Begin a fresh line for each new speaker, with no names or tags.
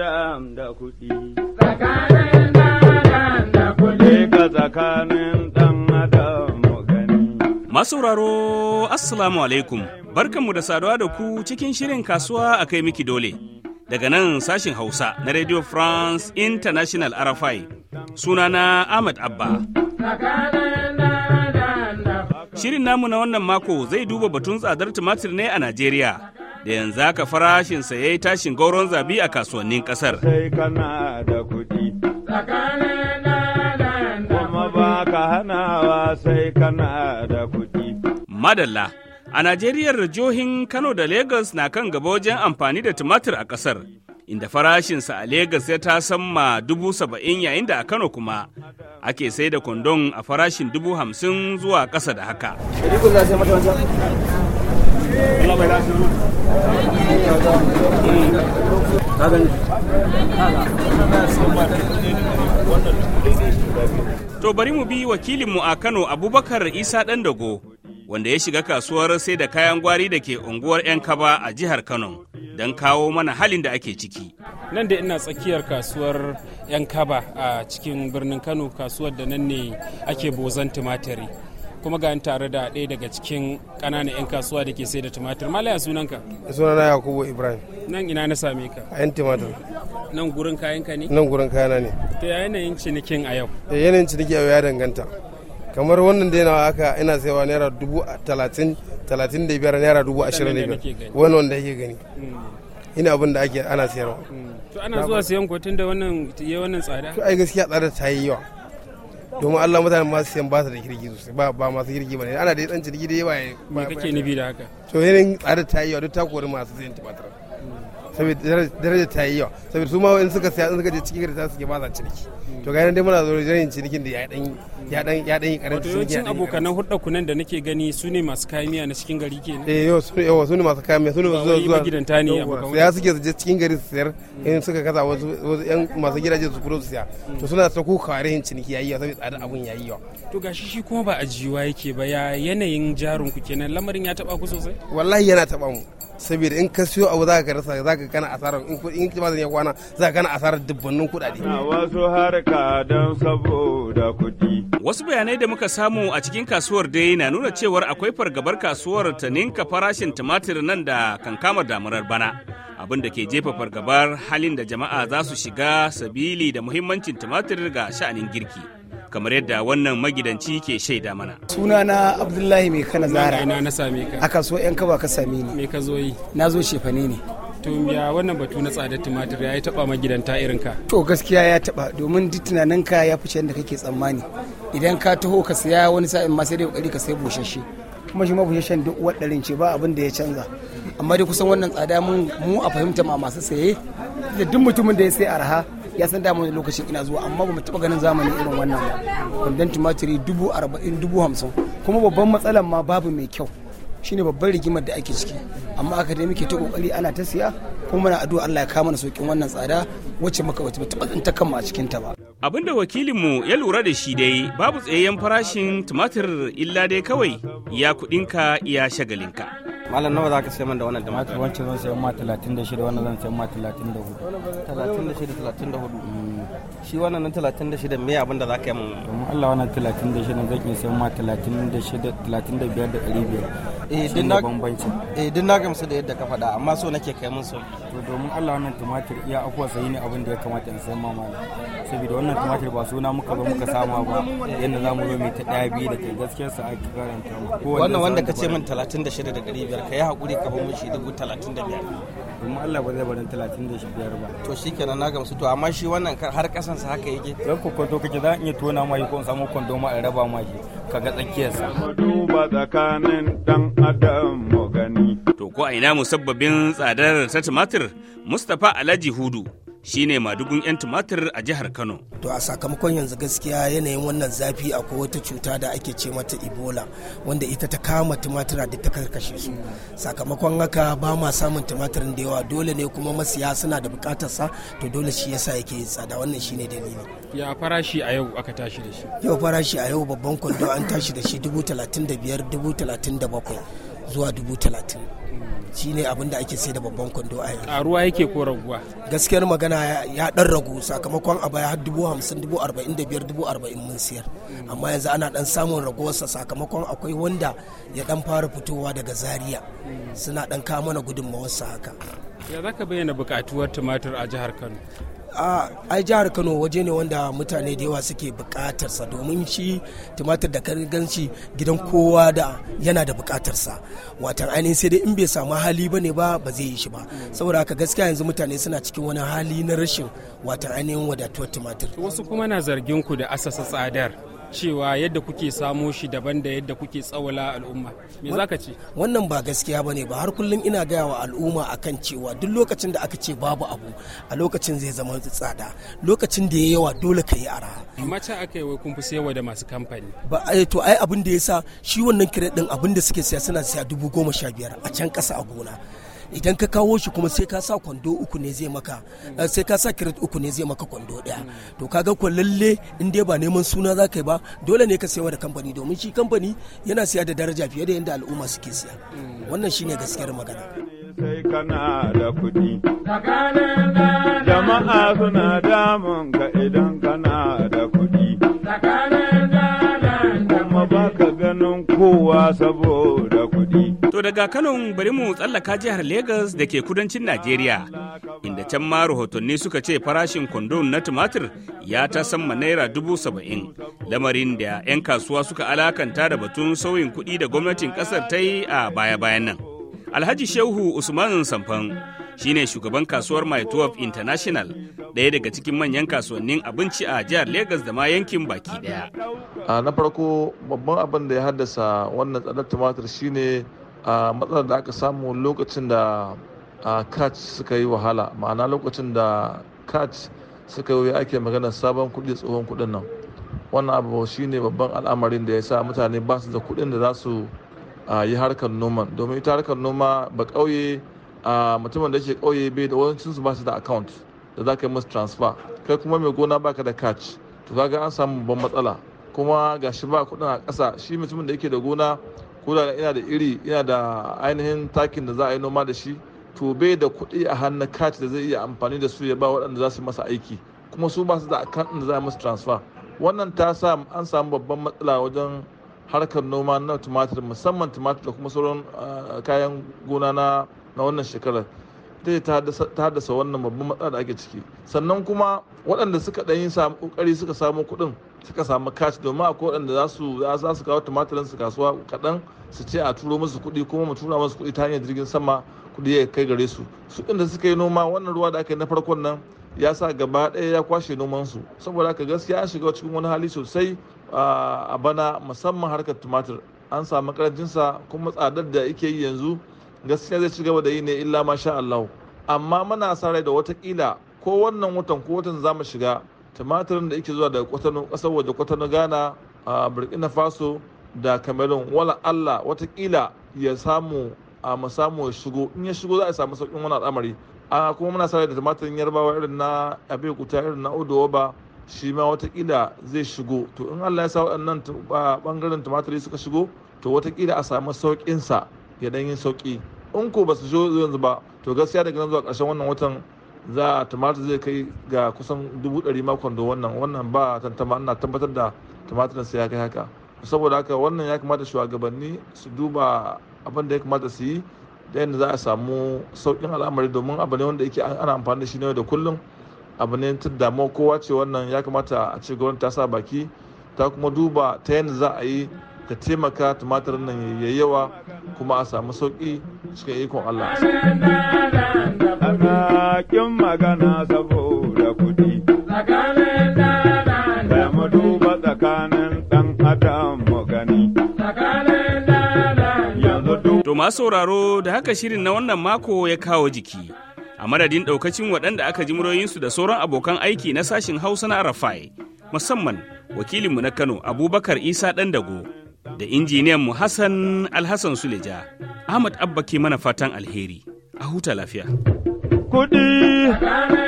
dam da kuɗi. Tsakanin da Masauraro, Assalamu alaikum, barkanmu da saduwa da ku cikin shirin kasuwa a kai miki dole. Daga nan sashin Hausa na Radio France International RFI, sunana Ahmad Abba. Shirin namu na wannan mako zai duba batun tsadar tumatir ne a Najeriya. da yanzu haka farashinsa ya yi tashin gauron zabi a kasuwannin kasar. Sai kana Kuma ba ka hanawa sai kana da kuɗi. Madalla, a Najeriyar jihohin Kano da Legas na kan gaba wajen amfani da tumatir a ƙasar. Inda farashinsa a Legas ya tasamma dubu saba'in yayin da a Kano kuma ake sai da kwandon a farashin dubu hamsin zuwa ƙasa da haka. To bari mu bi wakilinmu a Kano Abubakar Isa Dandago wanda ya shiga kasuwar sai da kayan gwari da ke unguwar 'yan kaba a jihar Kano don kawo mana halin da ake ciki. Nan
da ina tsakiyar kasuwar 'yan kaba a cikin birnin Kano kasuwar da nan ne ake bozan tumatiri. kuma ga tare da ɗaya daga cikin ƙananan 'yan kasuwa da ke sai da tumatir malaya sunanka sunana yakubu ibrahim nan ina na same ka a yan tumatir nan gurin kayan ka ne nan gurin kayan ne to ya yanayin cinikin a yau
eh, yanayin ciniki a yau ya danganta kamar wannan da yanawa haka ina saiwa naira dubu talatin talatin da biyar naira dubu ashirin da biyar wani wanda yake gani
hmm.
ina abin da ake ana sayarwa
hmm.
to ana zuwa sayan ko tun da wannan ya wannan tsada to ai
gaskiya tsada ta yi yawa domin Allah mutanen masu siyan ba su da kirki sosai ba ba masu kirki bane ana da dan ciniki da yawa ne me kake nufi da haka to yanayin tsadar ta yi wa duk ta kori masu siyan tumatir saboda daraja ta yi yawa saboda su ma in suka siya in suka je cikin gari suke ba za ciniki to ga dai muna zo jirayin cinikin da ya dan ya dan ya dan yi karancin ciniki wato abokanan
hudda kunan da nake gani su ne masu kayan miya na cikin gari kenan eh
yo su yawa su ne masu kayan miya su ne masu zuwa zuwa gidanta ne abokan ya suke je cikin gari su siyar in suka kaza wasu yan masu gidaje su kuro su siya to suna ta kuka karin ciniki yayi yawa saboda tsada abun yayi
yawa to gashi shi kuma ba ajiwa yake ba ya yanayin jarun ku kenan lamarin ya taba ku sosai
wallahi yana taba mu saboda in ka siyo abu za rasa za ka kana asarar in kuɗi in ba zan kwana za ka kana asarar dubbannin kuɗaɗe. wasu
harka don saboda kuɗi. Wasu bayanai da muka samu a cikin kasuwar dai na nuna cewar akwai fargabar kasuwar ta ninka farashin tumatir nan da kankamar damarar bana. abin da ke jefa fargabar halin da jama'a za su shiga sabili da muhimmancin tumatir ga sha'anin girki. kamar yadda wannan magidanci ke shaida mana.
Suna na Abdullahi mai kana zara. na same ka. A kasuwa 'yan kaba ka same ni. Me ka zo yi? Na zo shefane ne. batun
ya wannan batu na tsadar tumatir ya yi taba ma gidanta irin ka
to gaskiya ya taba domin duk tunanin ka ya fice da kake tsammani idan ka taho ka saya wani sa'in ma sai dai kokari ka sai bushashe kuma shi ma bushashen duk wadarin ce ba abin da ya canza amma dai kusan wannan tsada mun mu a fahimta ma masu saye da duk mutumin da ya sai arha ya san damar lokacin ina zuwa amma ba mu taɓa ganin zamani irin wannan ba kwandon tumatiri dubu arba'in dubu hamsin kuma babban matsalan ma babu mai kyau shine babbar rigimar da ake ciki amma aka dai muke ta kokari ana ta siya kuma muna addu'a Allah ya kama na saukin wannan tsada wacce muka wacce ba taɓa tsinta kanmu a cikin ta ba
abinda wakilinmu ya lura da shi dai babu tsayayyen farashin tumatir illa dai kawai ya kudinka iya shagalinka malam nawa za ka sai
man da wannan tumatir wancan zan sayan ma 36 wannan zan sayan ma 34 36 34 shi wannan na 36 me abin da za ka yi mun to mun Allah wannan 36 zan iya sayan ma 36 35 da 500 eh din na bambanci eh din na gamsu da yadda ka faɗa amma so nake kai mun so to domin Allah wannan tumatir iya akwai sai ne abin da ya kamata in sayan ma malam saboda wannan tumatir ba suna muka ba muka sama ba yanda zamu zo mai ta daya biyu da kai gaskiyar sa ake karanta wannan wanda ka ce min 36 da 500 biyar ka yi haƙuri ka bar mishi dubu talatin da biyar domin Allah ba zai barin talatin da shi biyar ba to shi kenan na gamsu to amma shi wannan har sa haka yake zan ku kwanto kake za a iya tona ma yi ko in samu kwando ma
a raba ma shi ka ga tsakiyarsa duba tsakanin dan adam mu gani to ko a ina musabbabin tsadar ta tumatir Mustapha Alhaji Hudu shine madugun 'yan tumatir a jihar kano
to a sakamakon yanzu gaskiya yanayin wannan zafi akwai wata cuta da ake ce mata ebola wanda ita ta kama tumatira da ta karkashe su sakamakon haka ba ma samun tumatirin da yawa dole ne kuma masiya suna da bukatar sa to dole shi yasa yake tsada wannan shine dalili
ya farashi a yau aka tashi da shi
yau farashi a yau babban kwando an tashi da shi dubu talatin da biyar dubu talatin da bakwai zuwa dubu talatin shi ne abin da ake sai da babban kwando a yanzu. ruwa yake ko raguwa gaskiyar magana ya dan ragu sakamakon a baya har dubu hamsin dubu arba'in da biyar dubu arba'in mun siyar amma yanzu ana dan samun raguwarsa sakamakon akwai wanda ya dan fara fitowa daga zaria suna dan kawo mana gudunmawarsa haka
ya zaka bayyana bukatuwar tumatir a jihar kano
ai jihar kano waje ne wanda mutane da yawa suke bukatarsa domin shi tumatir da kan ganci gidan kowa da yana da bukatarsa watan ainihin sai dai in bai samu hali ba ne ba ba zai yi shi ba saboda haka gaskiya yanzu mutane suna cikin wani hali na rashin watan ainihin wadatuwar tumatir
wasu kuma na zargin ku da asasa tsadar cewa yadda kuke samo shi daban da yadda kuke tsawala al'umma me zaka ce
wannan ba gaskiya bane ba har kullum ina gaya wa al'umma akan cewa duk lokacin da aka ce babu abu a lokacin zai zama tsada lokacin da ya yawa dole ka yi ara amma aka yi wai kun fi sayarwa da masu kamfani ba eh, to ai abin da yasa shi wannan kiret din abin da suke siya suna siya dubu goma sha biyar a can kasa a gona idan ka kawo shi kuma sai ka sa kwando uku ne zai maka eh, sai ka sa kiret uku ne zai maka kwando daya to kaga ko lalle in dai ba neman suna za ka yi ba dole ne ka saya da kamfani domin shi kamfani yana siya da daraja fiye da yadda al'umma suke siya wannan shine
gaskiyar magana sai kuɗi
jama'a
suna damun kana da kuɗi kuma ba ka kowa saboda daga kanon bari mu tsallaka jihar Legas da ke kudancin Najeriya, inda can ma rahotanni suka ce farashin kwando na tumatir ya ta sama naira dubu saba'in, lamarin da 'yan kasuwa suka alakanta da batun sauyin kuɗi da gwamnatin ƙasar ta yi a baya-bayan nan. Alhaji Shehu Usman Samfan shine shugaban kasuwar My International ɗaya daga cikin manyan kasuwannin abinci a jihar Legas da ma yankin baki ɗaya.
Na farko babban abin da ya haddasa wannan tsadar tumatir shine a matsalar da aka samu lokacin da cats suka yi wahala ma'ana lokacin da cats suka yi ake magana sabon kuɗi tsohon kuɗin nan wannan abu shi ne babban al'amarin da ya sa mutane ba su da kuɗin da za su yi harkar noma domin ita harkar noma ba ƙauye mutumin da ke ƙauye bai da wancin su ba su da account da za ka yi musu transfer kai kuma mai gona baka da kac to kaga an samu babban matsala kuma gashi ba kuɗin a ƙasa shi mutumin da yake da gona ko da ina da iri ina da ainihin takin da za a yi noma da shi to bai da kuɗi a hannun kati da zai iya amfani da su ya ba waɗanda za su masa aiki kuma su ba su da akan da za a masu transfer wannan ta sa an samu babban matsala wajen harkar noma na tumatir musamman tumatir da kuma sauran ah, kayan gona na wannan shekarar ta haddasa wannan babban matsala da ake ciki sannan kuma waɗanda suka ɗan yi samu ƙoƙari suka samu kuɗin suka samu kashi domin akwai waɗanda za su za su kawo tumatirin su kasuwa kaɗan su ce a turo musu kuɗi kuma mu tura musu kuɗi ta hanyar jirgin sama kuɗi ya kai gare su su inda suka yi noma wannan ruwa da aka yi na farkon nan ya sa gaba ɗaya ya kwashe noman su saboda haka gaskiya an shiga cikin wani hali sosai a bana musamman harkar tumatir an samu sa kuma tsadar da yake yi yanzu gaskiya zai ci gaba da yi ne illa ma sha Allah amma muna sa rai da watakila ko wannan watan ko watan za mu shiga tumatirin da yake zuwa daga kwatano ƙasar waje kwatano gana a burkina faso da cameroon wala allah watakila ya samu a mu samu ya shigo in ya shigo za a samu sauƙin wani al'amari a kuma muna sa rai da tumatirin yarbawa irin na kuta irin na ba shi ma watakila zai shigo to in allah ya sa waɗannan ɓangaren tumatiri suka shigo to watakila a samu sauƙinsa ya dan yi sauki in ko ba su zo yanzu ba to gaskiya daga nan zuwa ƙarshen wannan watan za a tumatir zai kai ga kusan dubu ɗari makon da wannan wannan ba tantama ana tabbatar da tumatir sai ya kai haka saboda haka wannan ya kamata shugabanni su duba abin da ya kamata su yi da yadda za a samu sauƙin al'amari domin abu ne wanda yake ana amfani da shi ne da kullum abu ne ta damu kowa ce wannan ya kamata a ce gwamnati ta sa baki ta kuma duba ta yadda za a yi ta taimaka tumatirin nan yayi yawa kuma a samu sauƙi cikin ikon Allah. magana saboda kuɗi. duba tsakanin
ɗan adam mu gani. To ma sauraro da haka shirin na wannan mako ya kawo jiki. A madadin ɗaukacin waɗanda aka ji muryoyinsu da sauran abokan aiki na sashin Hausa na Arafai, musamman wakilinmu na Kano Abubakar Isa Ɗandago. dago. da injiniyan mu Hassan Alhassan Suleja. Ahmad Abba ke mana fatan alheri. A huta lafiya.
Kuɗi.